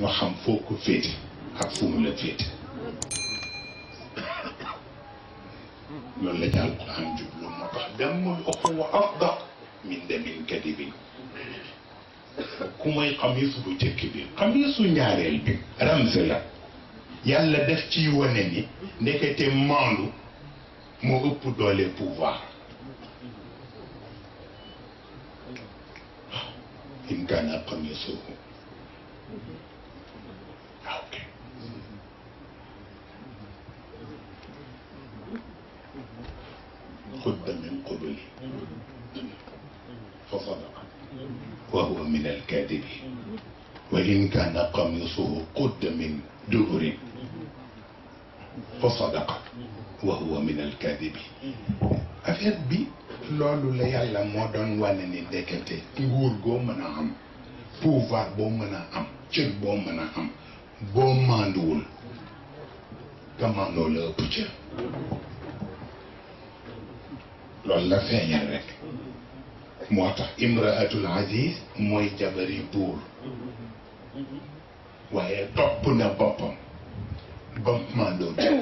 ñoo xam foo ko féete ak fu mu la féete loolu la ca alquran jublu moo tax dammul uxuwa afdaq min damin kadibin ku mooy xamis bu jëkk bi xamisu ñaareel bi ramz la yàlla def ciy wane ni ndekete maandu moo ëpp doole pouvoir in kaana xamisuhu قرب من قبل فصدق وهو من الكاذبين وإن كان قميصه قد من دهر فصدق وهو من الكاذبين أفيد بي لولو لا يعلم مودون وانني ديكتي نقول بو منا أم بوفار بو منا أم تشير بو منا أم بو ماندول كما نولو بوشير loolu la feeñal rek moo tax imraatul aziz mooy jabari buur waaye topp na boppam ba mandoo jël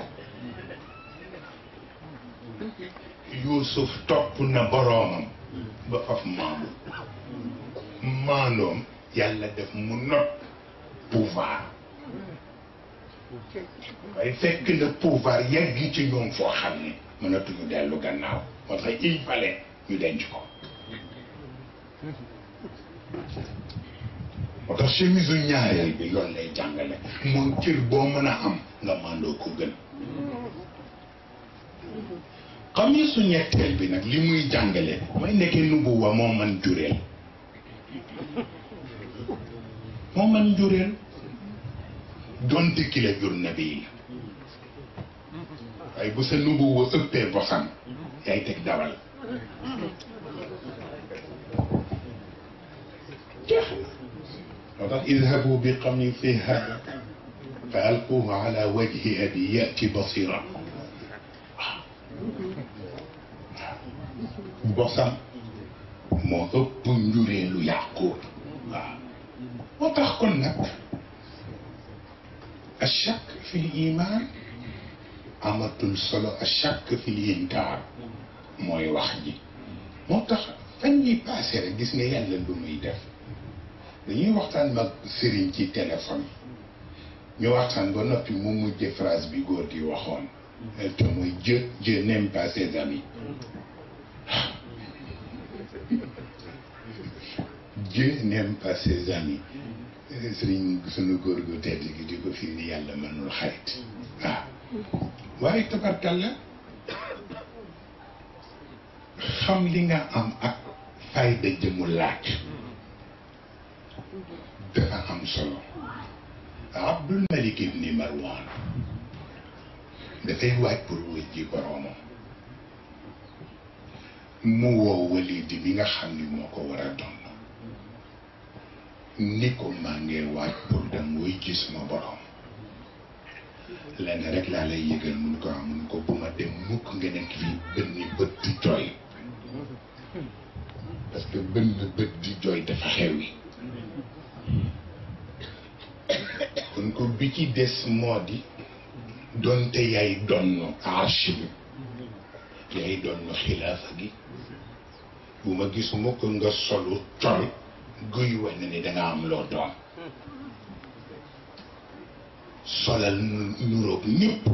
yuusuf topp na boroomam ba faf maandu maandoom yàlla def mu not pouvoir waaye fekk na pouvoir yegg ci ñoom foo xam ne mënatuñu dellu gannaaw moo tax il fallait ñu denc ko moo tax chemise ñaareel bi loolu lay jàngale moom cër boo mën a am nga mandoo ko gën xamiisu ñetteel bi nag li muy jàngale mooy nekkee nubuwa moo man jureel moo man jureel donte ki la jur nabi la waaye bu sa nubuwa ëppee bosan تايتك اذهبوا بقميصي هذا فألقوه على وجه أبي يأتي بصيرا بصم مضب بنجرين يعقوب وتخ الشك في الإيمان amatul solo a chaque filiin tar moy wax ji motax tax fan yi passé rek gis nga yàlla lu muy def dañuy waxtan mag serigne ci téléphone ñu waxtan ba nopi mu mu jé phrase bi góor gi waxoon te moy je je n'aime pas ses amis je n'aime pas ses amis serigne sunu góor go tedd gi di ko ni yàlla manul xarit waaw waaye tabarkal la xam li nga am ak fayda jëmu laaj dafa am solo Abdul Malik ibni dafay waaj pour wëj ji boroomam mu woo Walid bi nga xam ni moo ko war a doon ni ko maa ngee waaj pour dem wuy ji sama boroom lenn rek laa lay yëgal mun ko am mun ko bu ma dem mukk nga nekk fii bët ni bët di jooy parce que bët ni bët di jooy dafa xewi kon ko bi ci des moo di donte yaay donn arche yaay donn xilaafa gi bu ma gis mukk nga solu col guy wane ni danga am loo doon solal nu nuroog ñëpp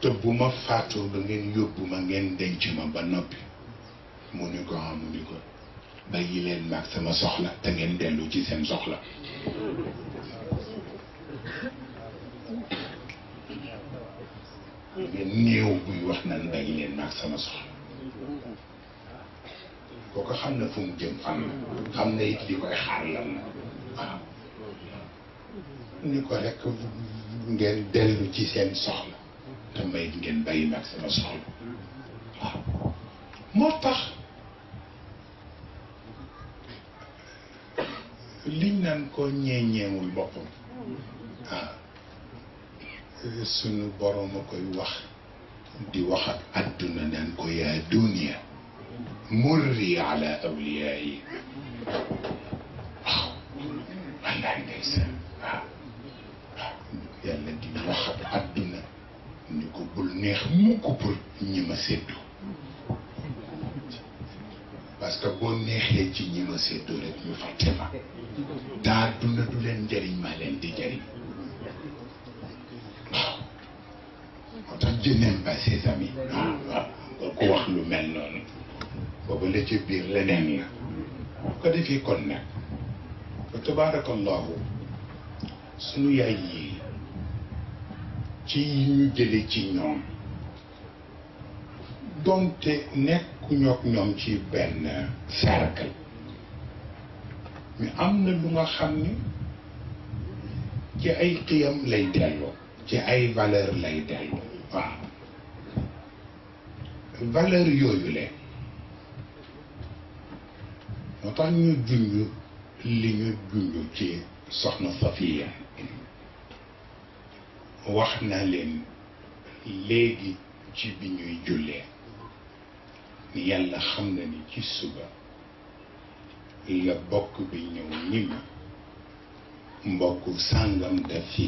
te bu ma faatoo ba ngeen yóbbu ma ngeen denc ma ba noppi mu ni ko am ah, ni ko bàyyi leen maag sama soxla te ngeen dellu ci seen soxla ngeen néew buy wax naan bàyyi leen maag sama soxla kooko xam ne fu mu jëm fan la xam na it li koy xaar lan la ni ko rek ngeen dellu ci seen soxla te may ngeen bàyyi mag sama soxla waaw moo tax liñ naan ko ñeeñeemul boppam ah sunu borom a koy wax di wax ak adduna naan ko yaa dunia murri ala awliyaa yi waaw wallaay ndeysaan waaw yàlla di wax àdduna ni bul neex mukk pour ñi ma séddu parce que boo neexee ci ñi ma séddu rek ñu fàtte ma te àdduna du leen njëriñ maa leen di jëriñ moo tax je n'aime pas ses ko wax lu mel noonu booba la ci biir leneen la ko defee kon nag ba tabaarakallahu sunu yaay yi ci yi ñu jële ci ñoom donte nekkuñu ak ñoom ci benn cercle mais am na lu nga xam ni ci ay xiyam lay delloo ci ay valeur lay delloo waaw valeur yooyu leen moo tax ñu junj li ñu junj ci soxna Safiya wax na leen léegi ci bi ñuy jullee ni yàlla xam na ni ci suba la bokk bi ñëw ni ma mbokk sàngam daf fi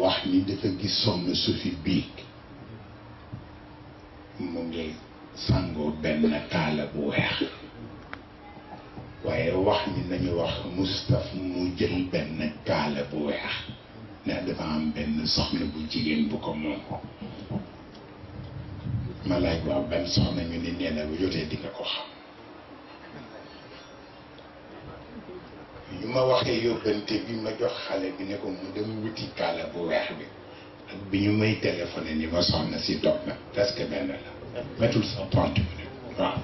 wax ni dafa gis soxna su fi biig mu ngi sàngoo benn kaala bu weex waaye wax mi nañu wax Moustapha mu jël benn kaala bu weex ne dafa am benn soxna bu jigéen bu ko moom ko ma laaj waaw benn soxna ñu ni nee na bu jotee di nga ko xam ñu ma waxee yóbbante bi ma jox xale bi ne ko mu dem wuti kaala bu weex bi ak bi ñu may téléphoné ni ma soxna si toog na presque benn la matul sax trente minutes waaw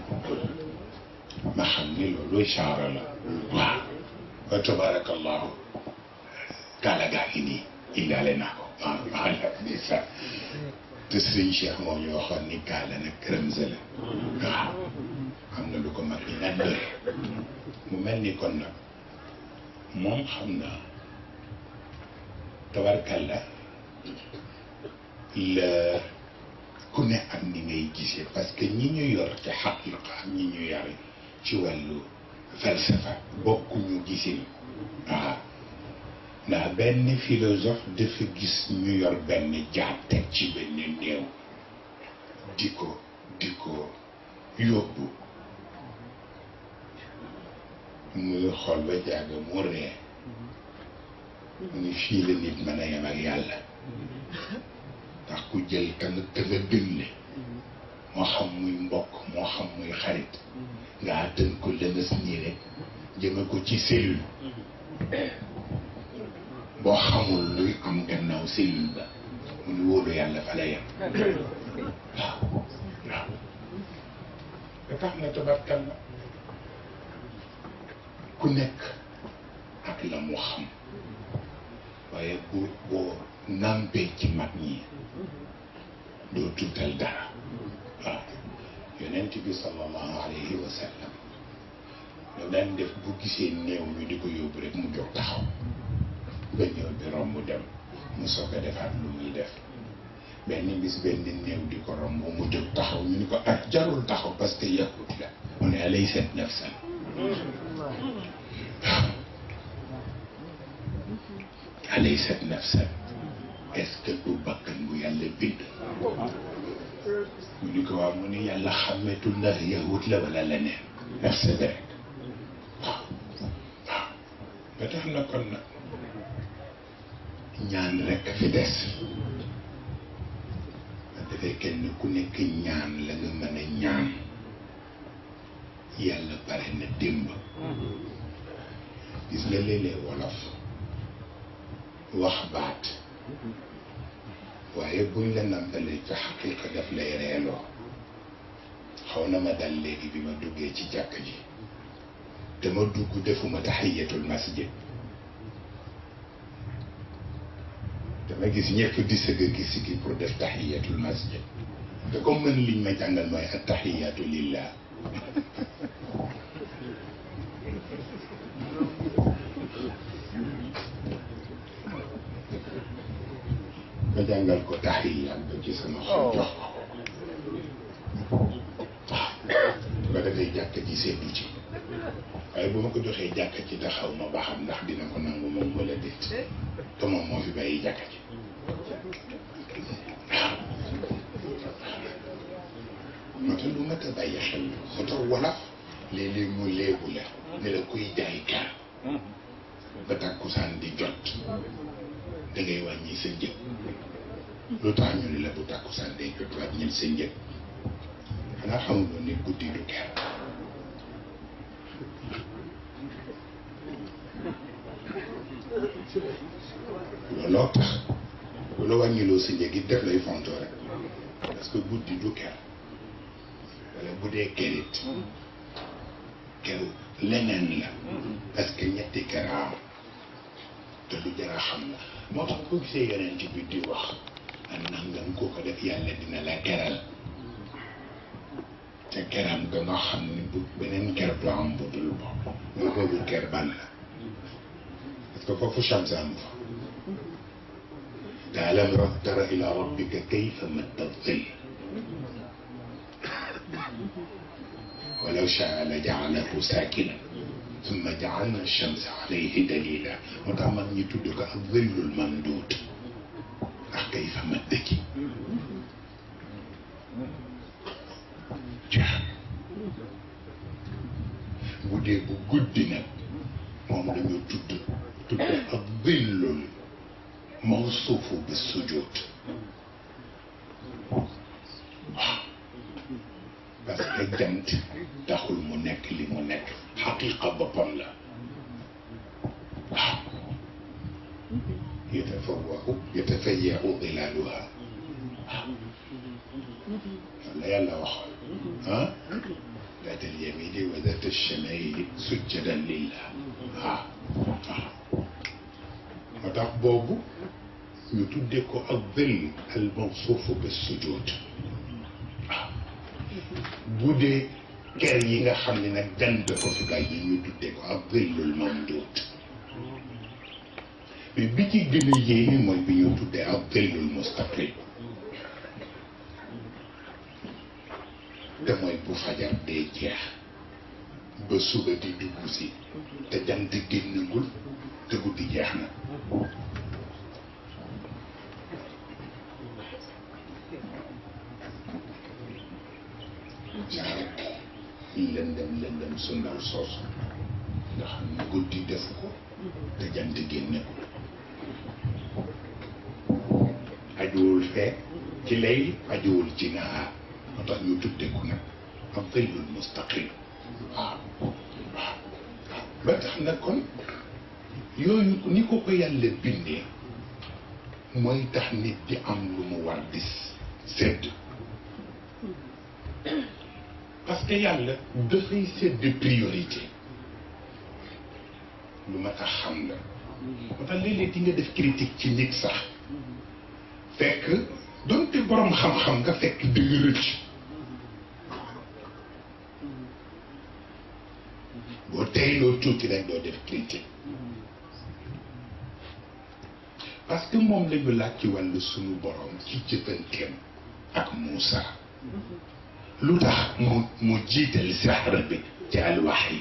ma xam ni loolu genre la waaw ba tabarakallahu gaala gaa ngi nii indaale naa ko waaw maa la ndeysaan te sëriñ Cheikh moom ñu waxoon ni gaala nag këramse la waaw am na lu ko mag ñi naan doye mu mel ni kon nag moom xam naa tabarkalla la ku ne am ni ngay gisee parce que ñi ñu yor ci xaqiqa ñi ñu yari ci wàllu falsafa bokkuñu gisin waaw ndax benn philosophe dafa gis ñu yor benn jaar teg ci benn néew di ko di ko yóbbu muy xool ba jàgg mu ree mu ni fii la nit mën a yem ak yàlla ndax ku jël ka nga ka nga gën ne moo xam muy mbokk moo xam muy xarit nga àttan ko lëmas nii rek jëme ko ci cellule boo xamul luy am gannaaw cellule ba mu ngi wóolu yàlla fa la yem waaw waaw nga tax na tabarkal la ku nekk ak la mu xam waaye bu boo nampee ci mag ñi doo tuutal dara yonent bi sallallahu alayhi wa sallam ñu dañ def bu gisee néew mi di ko yóbbu rek mu jóg taxaw ba ñëw bi romb dem mu soog a defaat lu muy def benn bis benn néew di ko romb mu jóg taxaw ñu ni ko kan, ah jarul taxaw parce que yahut la mu ne alay set nafsan alay set nafsan est ce que du bakkan bu yàlla bind mu ni ko waaw mu ni yàlla xàmmeetul ndax yahut la wala leneen ndax c'est vrai waaw waaw ba tax na kon nag ñaan rekk fi des nga defee kenn ku nekk ñaan la nga mën a ñaan yàlla pare na démb gis nga léeg-léeg wolof wax baat waaye nan da lay ca xaqiqa daf lay reeloo xaw na ma dal léegi bi ma duggee ci jàkk ji dama dugg defuma taxiyatul masjid dama gis ñëpp di sëgg gis gi pour def taxiyatul masjid te comme man liñ ma jàngal mooy at taxiyatu lillah jàngal ko taxiyaat ba ci sama xol jox ko waaw jàkk ji seddu ci waaye bu ma ko joxee jàkk ci taxaw ma ba xam ndax dina ko nangu moom wala déet te moom moo fi bàyyi jàkk ji moo tax lu mat a bàyyi xel moo tax wala léeg mu léegu ne la kuy jaay ba takkusaan di jot da ngay wàññi sa lu tax ñu ni la bu tàkkusaan day jot waaj ñëw seen njëg xanaa xamuloo guddi du teer looloo tax bu la wàññiloo sa njëg def lay fontoo rek guddi du ker wala bu dee kerit keru leneen la parce ñetti keraam te lu jara xam la moo tax ko gisee yeneen ci bi di wax nangam koo ko def yàlla dina la teral te keram ga nga xam ne bu beneen ker du am bu dul bopp mu boobu ker ban la parce que foofu chance am fa te alam tara ila rabbika kayfa matta dhill ولو شاء لجعله ساكنا ثم جعلنا الشمس عليه دليلا وتعمل نتودك الظل الممدود فكيف مدك jeex bu dee bu guddi nag moom lañu tudd tudd ak dillul mawsuufu bi sujud waaw parce que jant taxul mu nekk li mu nekk xaqiqa boppam la تتفوه يتفيأ ظلالها الليالة وخير ها ذات اليمين وذات الشمال سجدا لله ها moo tax boobu ñu tudde ko ak dhill al mansuufu bi sujud bu dee ker yi nga xam ne nag dand ko fi bàyyi ñu tudde ko ak dhillul mamduud mais bi ci gën a yéeme mooy bi ñu tuddee ak dëllul mustaqim te mooy bu fajar dee jeex ba suba di dugg si te jant génnagul te guddi jeex na jaarate lëndëm lëndëm su ndaw soosu nga xam guddi def ko te jant génne ko جول فا جلي أجول جنا أنت يوتيوب تكونا أقل المستقيم ما تحنا كن يوم نيكو بيا لبيني ما يتحنا دي أمر مواردس سد بس كيال دخي سد بريوريتي لما تحمل ما تلي لي تيجي دف كريتيك تنيك صح fekk donte borom xam-xam nga fekk dëgg rëcc boo tey loo tuuti rek doo def critique parce que moom lañu laaj ci wàllu sunu borom ci jëfanteem ak Moussa lu tax mu mu jiital saxara bi ci alwax yi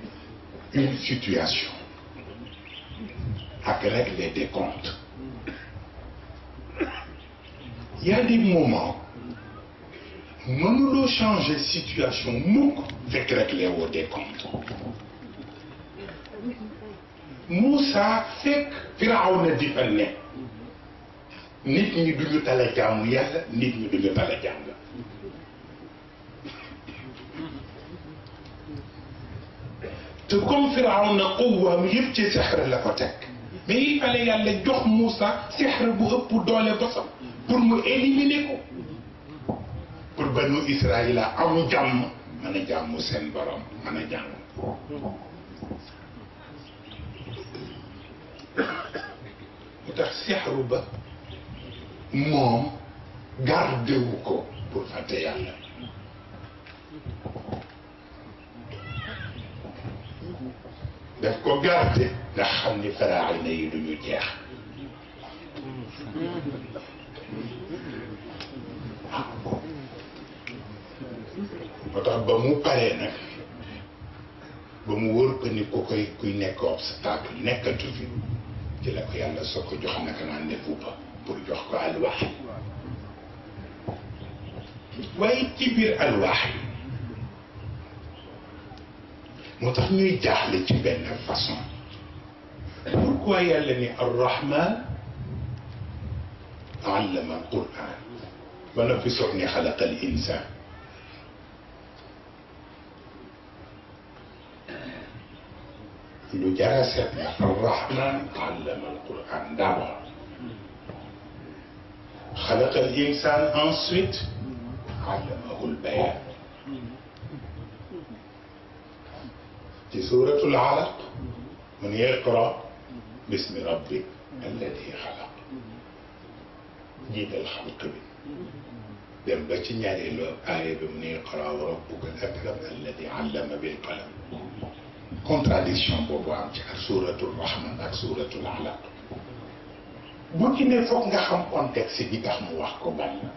une situation avec les décomptes. Il y a des moments où nous devons changer de situation, avec les Nous décomptes. fait fekk Firaw nous di fa ni nit Nous duñu tala jaamu ni nit ñi duñu tala jaamu تكون فرعون قوة ميبتي سحر لفتك مي فلا يالا جوخ موسى سحر بو اوب دولة بصم بور مو اليمينيكو بور بنو اسرائيل ام جام مانا جامو سين بروم مانا جام متخ سحر با موم غاردوكو بور فتا يالا daf ko garde ndax xam ni faraayna yi du ñu jeex moo tax ba mu paree nag ba mu wóor ko ni ku koy kuy nekk obstacle nekkatu fi ci la ko yàlla soo ko jox naka naan ne fuupa pour jox ko alwaax waaye ci biir alwaax yi moo tax ñuy jaaxle ci benn façon pourquoi yàlla ni arrahman allama alquran ba noppi soog ni xalaqa al insan lu jara seet la arrahman allama alquran d'abord خلق الإنسان ensuite علمه البيان في سورة العلق من يقرأ باسم ربك الذي خلق jiital xalq bi dem ba ci ñaareelu aaya bi mu ne iqra wa rabbuka al akram alladi allama bil qalam contradiction boobu am ci ak suuratul rahman ak suuratul alaq bu ci ne foog nga xam contexte bi tax mu wax ko ban la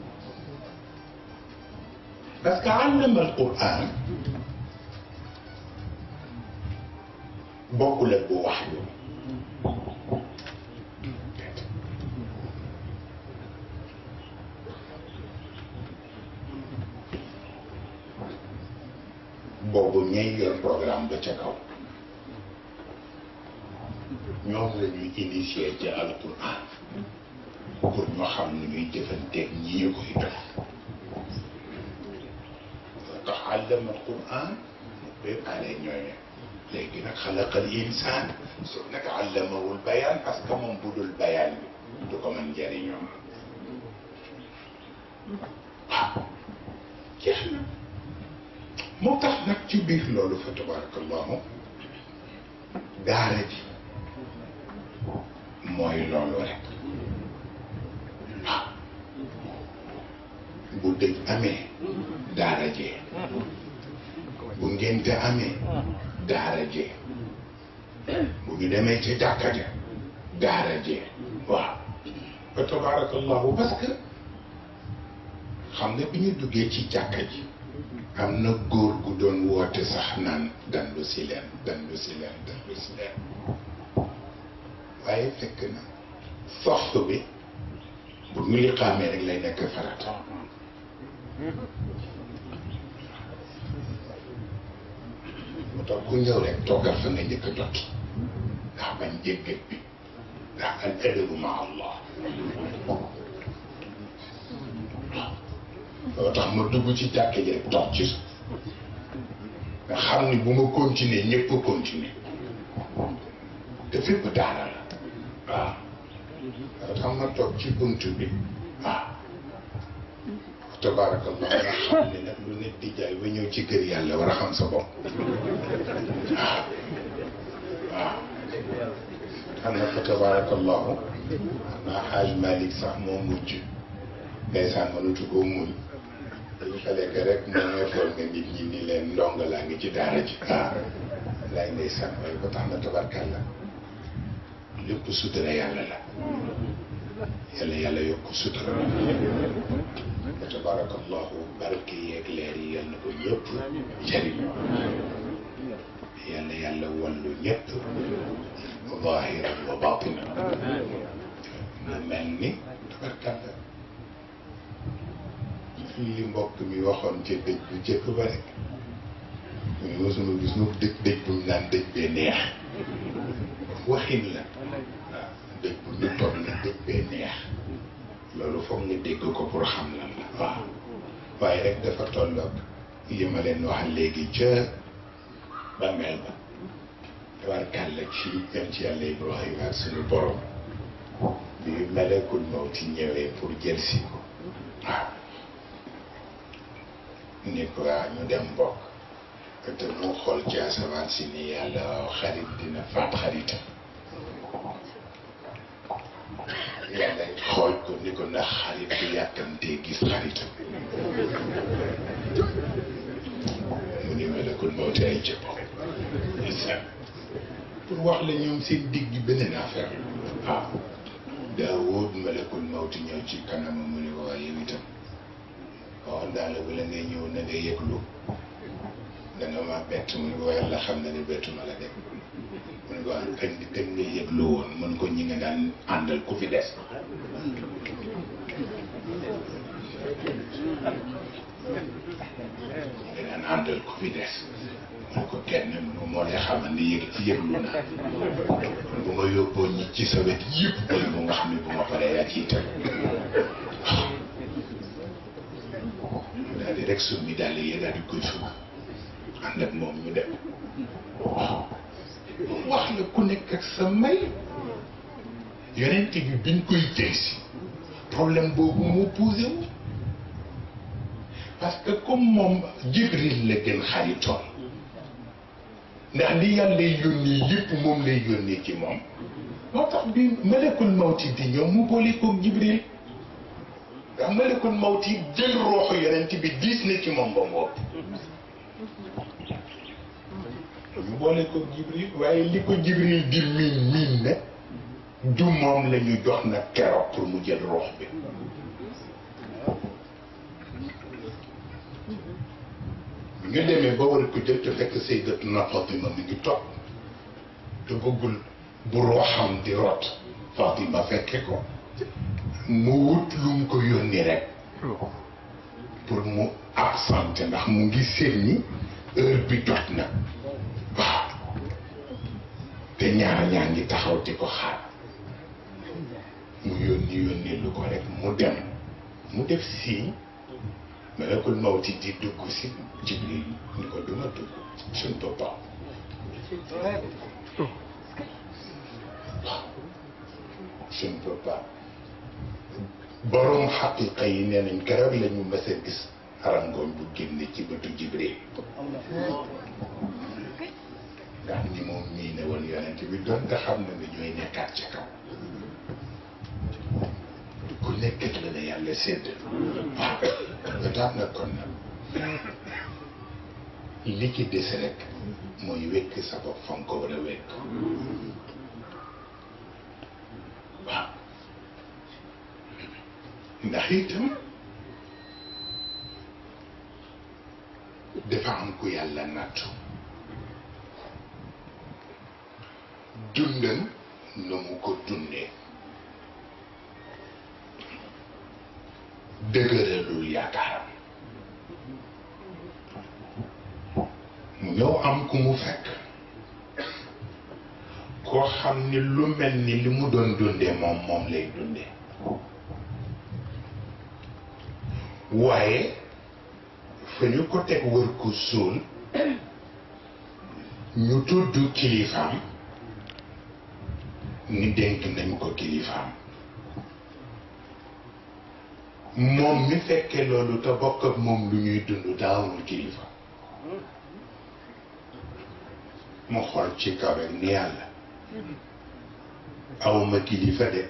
parce que allama al quran bokkul ak bu wax boobu ñay yor programme ba ca kaw ñoom la ñuy initier ci alquran pour ñu xam ni ñuy jëfanteeg ñi koy def tax àllama alquran ba pare ñooñu لكنك خلق الانسان سنك علمه البيان بس كمان بدو البيان بدو كمان جارينيو يحنا موتاح نكتي بيه لولو فتبارك الله دارجي موي لولو رك بودي امي دارجي بودي امي daara jee bu ñu demee ci jàkka ja daara jee waaw fa tabarakallahu parce que xam nga bi ñu duggee ci jàkka ji am na góor gu doon woote sax naan dandu si leen dandu si leen dandu si leen waaye fekk na soxtu bi bu ñu liqaamee rek lay nekk farata mu ku ñëw rek togal fa nga njëkk a jot ndax bañ jéggat bi ndax al adabu ma allah loo tax ma dugg ci jàkk ji rek toog ci nga xam ni bu ma continuer ñëpp a continuer te fépp daara la waaw loo tax ma tok ci buntu bi waaw tabaarakallah nga xam ni nag nit di jaay ba ñëw ci kër yàlla war a xam sa bopp waaw waaw xam nga tabarakallahu naa xaaj Malick sax moo mujj ndeysaan mënatu koo muñ dañu xale que rek moo ngay nga nit ñi ni leen ndongo laa ngi ci daara ji ah. waaw laay ndeysaan mooy ko tax na tabarkalla lépp sutura yàlla la yàlla yàlla yokk sutura تبارك الله بارك يا جلاري يلا بنيت جريمة يلا يلا ولو نيت ظاهرا وباطنا مالني تبركنا اللي مبقى مي واخون تي دج بي جيك بارك ني وسنو غيسنو دج دج بو نان دج بي نيه واخين لا دج بو نيتون دج بي نيه لولو فوق ني دج كو بور خام لا فايرك ده فتولك يمال انو حليجي جا بمعنى يبار كالكشي يمشي اللي أقول لك البرو دي ملك الموت نيوي فور جلسي نيكو عمو دم بوك كتنو خول جاسا وانسيني يالا خريب دينا فات léeg-léeg xool ko ni ko ndax xarit bi yàkkamtee gis xaritam mu ni melekul mawti ay jëppoo pour wax la ñoom seen digg beneen affaire waaw ah, daa wóor melekul mawti ñëw ci kanam mu ni waa yow itam waxoon oh, daal la wala ngay ñëw na nga yëglu da nga ma bett mu ni ko yàlla xam na ni la dem waaw kañ kañ nga yëglu woon mën ko ñi nga daan àndal ku fi des ñi nga daan àndal ku fi des moo ko kenn mu lay xamal ni yëg yëglu na bu ma yóbboo ñi ci sa wet yëpp bu nga xam ne bu ma paree yaa ciy daal di rek summi daal yee daal di koy summi ànd moom ñu dem wax la ku nekk ak sa may yonent bi biñ koy jël si problème boobu moo posé wu parce que comme moom jibril la gën xaritoon ndax li yàlla yónni yëpp moom lay yónni ci moom moo tax bi malekul mawti di ñëw mu boole koog jibril ndax malekul mawti jël rooxu yonent bi diis na ci moom ba mu boole ko jibril waaye li ko jibril di miin miin ne du moom la ñu jox nag keroog pour mu jël rox bi ñu demee ba war ko jël te fekk Sayyidatuna Fatima mi ngi toog te bëggul bu roxam di rot Fatima fekke ko mu wut lu mu ko yónni rek pour mu absenté ndax mu ngi seen ni heure bi jot na te ñaar ñaa ngi taxaw di ko xaar mu yónni yónni lu ko rek mu dem mu def sii malakul mawti di dugg si jibril ni ko duma dugg suñ boppam waaw suñ boppam borom xaqiqa yi nee nañ keroog la ñu mës a gis arangoon bu génn ci nga xam ni moom ñii ne woon yonent bi doon nga xam ne ni ñooy nekkaat ca kaw ku nekkat la ne yàlla sédd waaw nga na kon nag li ci des rek mooy wekk sa bopp fa nga ku yàlla nattu dundam nu mu ko dundee dëgëralul yaakaaram ñëw am ku mu fekk koo xam ni lu mel ni li mu doon dundee moom moom lay dundee waaye fa ñu ko teg wër ko suul ñu tudd kilifaam ni dénk nañ ko kilifaam moom mi fekkee loolu te bokk ak moom lu ñuy dund daawul kilifa mu xool ci kaw rek ni yàlla awma kilifa de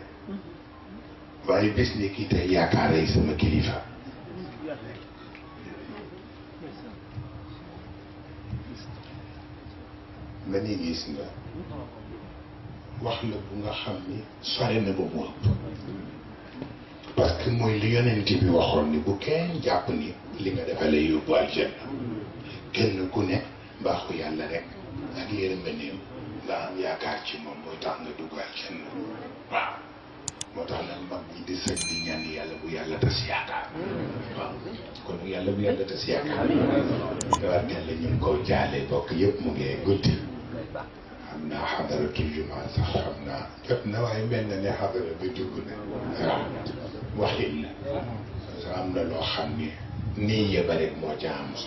waaye bis ni kii tey sama kilifa ma ni gis nga wax la bu nga xam ni sore na ba mu parce que mooy li yonent bi waxoon ni bu kenn jàpp ni li nga defa lay yóbbu aljanna kenn ku ne mbaaxu yàlla rek ak yërmandeem nga am yaakaar ci moom mooy tax nga dugg aljanna waaw moo tax nag mag di sëg di ñaan yàlla bu yàlla tas yaakaar waaw kon yàlla bu yàlla tas yaakaar war ngeen la ñu ngi ko yëpp mu ngee guddi أنا حضرت الجمعة صحبنا جبنا وعملنا اللي حضر بدون وحنا رامنا لو حني نية بريك ما جامس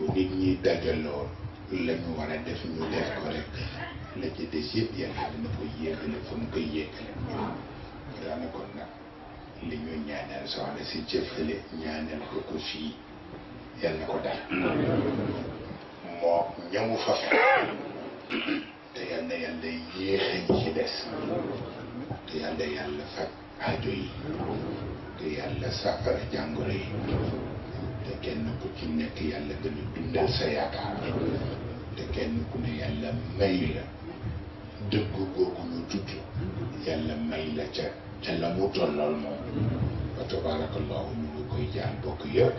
ونيني دجال لور لما ورا دف نودف كورك لكي تجيب يا حد نبوي يكل فم كي يكل رانا كنا لينو نيانا سوالي سيجفل نيانا كوكوشي يلا كودا مو نيامو فاسر det gäller Jehenkidesen. Det gäller, det gäller Hadui. Det gäller Safar Jangori. te kenn ku ci nekk yàlla gën a dundal sa yaakaar te kenn ku ne yàlla may la dëgg googu ñu tudd yàlla may la ca ca la mu tollool moom wa tabarakallahu ñu ngi koy jaal bokk yëpp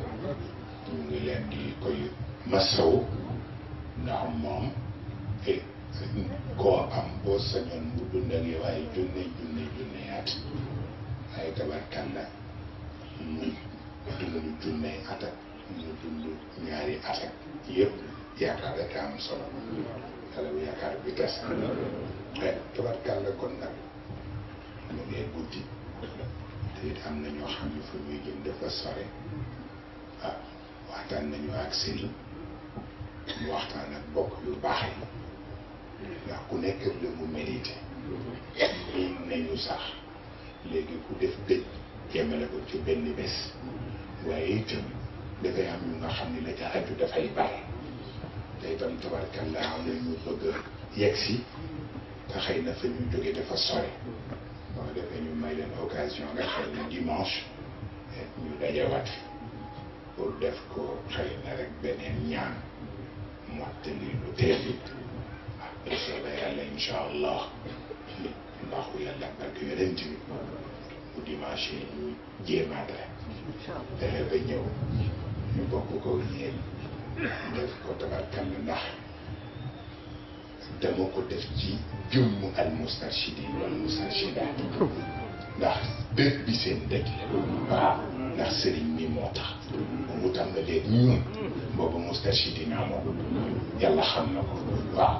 ñu ngi leen di koy masaw ndax moom koo am boo sañoon mu dund ak yow ay junne junne junne at ay tabarkalla ñu dund junne at ak ñu dund ñaari at ak yëpp yaakaar rek am solo yàlla bu yaakaar bi tas ay tabarkalla kon nag mu ngi guddi te it am na ñoo xam ne fu ñuy jëm dafa sore ah waxtaan nañu ak sëriñ waxtaan ak bokk yu baax yi ndax ku nekk la mu mérité miin nañu sax léegi ku def dëj jëmale ko ci benn bés waaye itam dafay am ñu nga xam ni la ca aju dafay bare te itam tabarkalla am na ñu bëgg a yegg si te xëy na fa ñu jóge dafa sore boo defee ñu may leen occasion nga xëy na dimanche ñu dajawaat pour def ko xëy na rek beneen ñaan mottali lu teel الإجابة يلا إن شاء الله الله يلا barke yonent bi bu dimanche ñu jéemaat rek fexe ba ñëw ñu bokk ko yéen def ko tabarkal ndax dama ko def ci jumm al mustarshidin wal mustarshidaat ndax dëkk bi seen dëkk la waaw ndax sëriñ bi moo tax mu tàmbalee ñun boobu mustarshidin amoon yàlla xam na ko waaw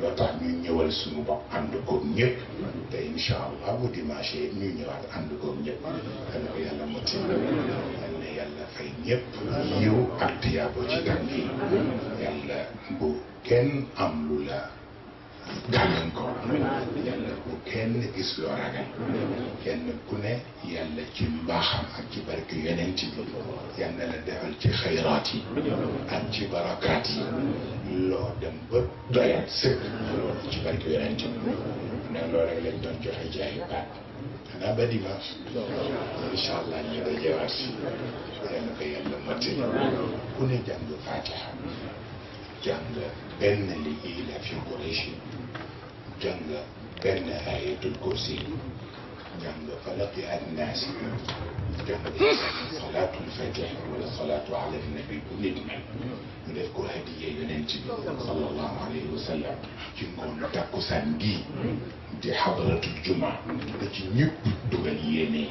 loo tax ñu ñëwal suñu bopp ànd koog ñëpp te incha allah bu dimanche ñu ñëwaat ànd koog ñëpp dana ko yàlla moti ne yàlla fay ñëpp yiw ak tiyaabo ci tànk bu kenn am lu la جعلنكم kenn gis loo ragal kenn ku ne yàlla ci mbaaxam ak ci barke yonent bi yàlla la defal ci xayraat yi ak ci barakaat yi loo dem ba doyat sëkk loolu ci barke yonent bi ne loolu rek lañ doon joxe ci ay baat xanaa ba dimanche incha allah ñu dajewaat si yàlla ko yàlla matal ku ne jàng fatiha jàng benn liggéey la fi Quraysh جنة كان آية الكرسي جنة فلقي الناس جنة صلاة الفجر ولا صلاة على النبي ندمة من الكل هدية ينتهي صلى الله عليه وسلم جنون تكسانجي دي حضرة الجمعة تجي نيب تغليني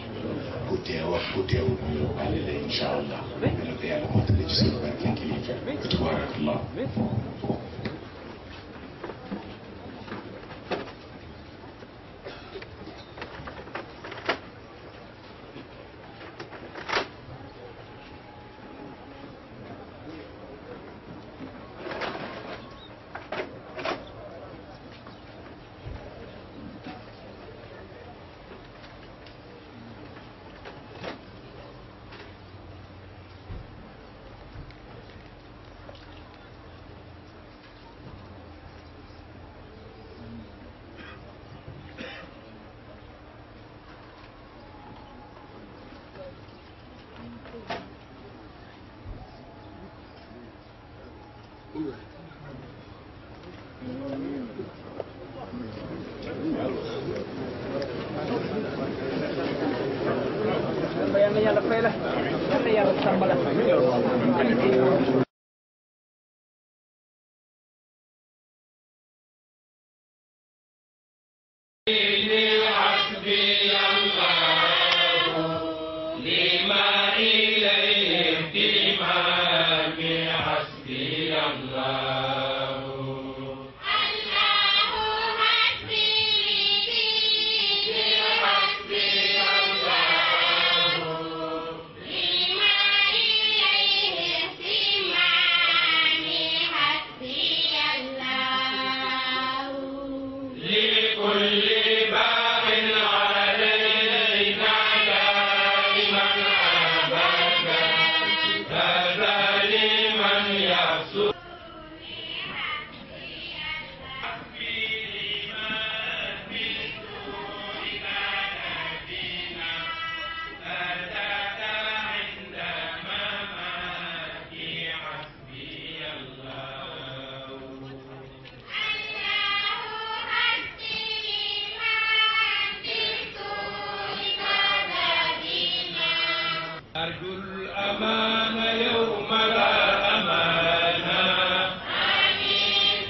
كتير كتير كتير على إن شاء الله من الله تبارك الله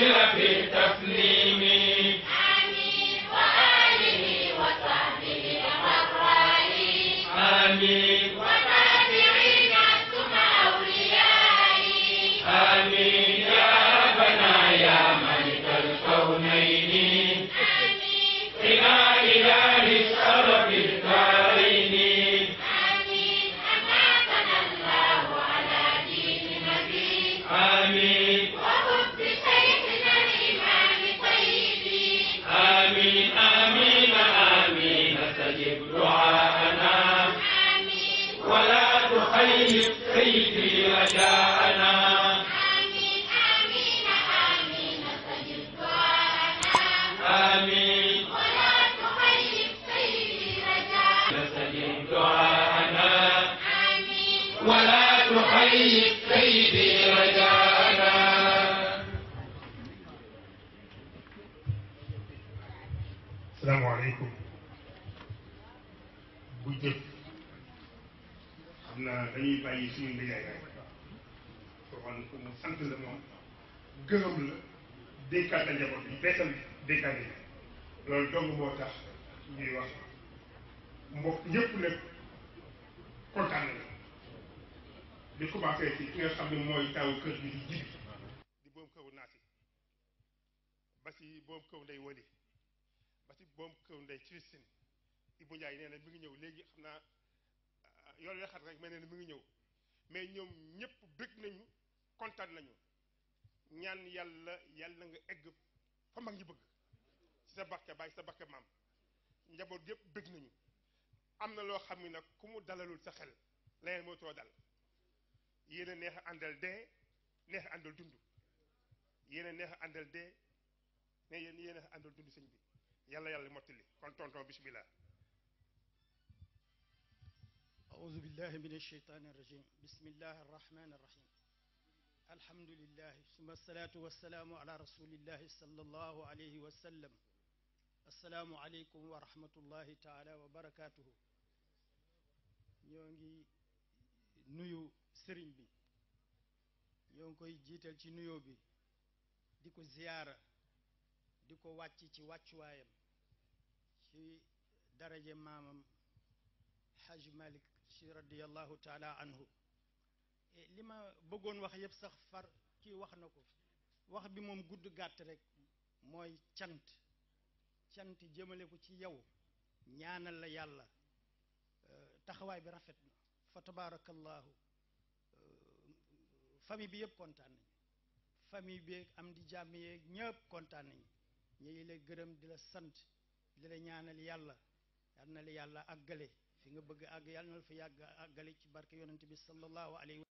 ಶಿರಪಿ سيد سيدي رجانا السلام عليكم bu jëf xam naa dañuy bàyyi suñu ndigaay rek waxoon ko mu sant la moom gërëm la dénkaata njaboot bi beesal dénkaat yi loolu dong moo tax ñuy wax mbokk ñëpp ne kontaan na di commencé ci ki nga xam ne mooy taw kër gi di jibi di boom këru naasi ba si boom këru ndey wali ba si boom këru ndey Christine Ibou Ndiaye nee na mi ngi ñëw léegi xam naa ah, yoon wi xat rek mais nee na mi ngi ñëw mais ñoom ñëpp bëgg nañu kontaan nañu ñaan yàlla yàlla nga egg fa mag ñi bëgg si sa barke baay sa barke maam njaboot yëpp bëgg nañu am na loo xam ne nag ku mu dalalul sa xel leneen moo too dal yéen a neex a àndal dee neex a àndal dund yéen a neex a àndal dee ne yéen yéen a àndal dund sëñ bi yàlla yàlla mottali kon tonton bismillah أعوذ بالله من الشيطان الرجيم بسم الله الرحمن الرحيم الحمد لله ثم الصلاة والسلام على رسول الله صلى الله عليه وسلم السلام عليكم ورحمة الله تعالى وبركاته ñoo ngi sëriñ bi ñoo ngi koy jiital ci nuyoo bi di ko ziyaara di ko wàcc ci wàccuwaayam ci daraje maamam Haj Malik si radiyallahu taala anhu eh, li ma bëggoon wax yëpp sax far ki wax na ko wax bi moom gudd gàtt rek mooy cant cant jëmale ko ci yow ñaanal la yàlla eh, taxawaay bi rafet na fa tabaarakallaahu famille bi yëpp kontaan nañu famille bi am di jàmm yeeg ñëpp kontaan nañu ñu ngi lay gërëm di la sant di la ñaanal yàlla yal na la yàlla àggale fi nga bëgg àgg yàlla na la fa yàgg àggale ci barke yonent bi sallallahu alayhi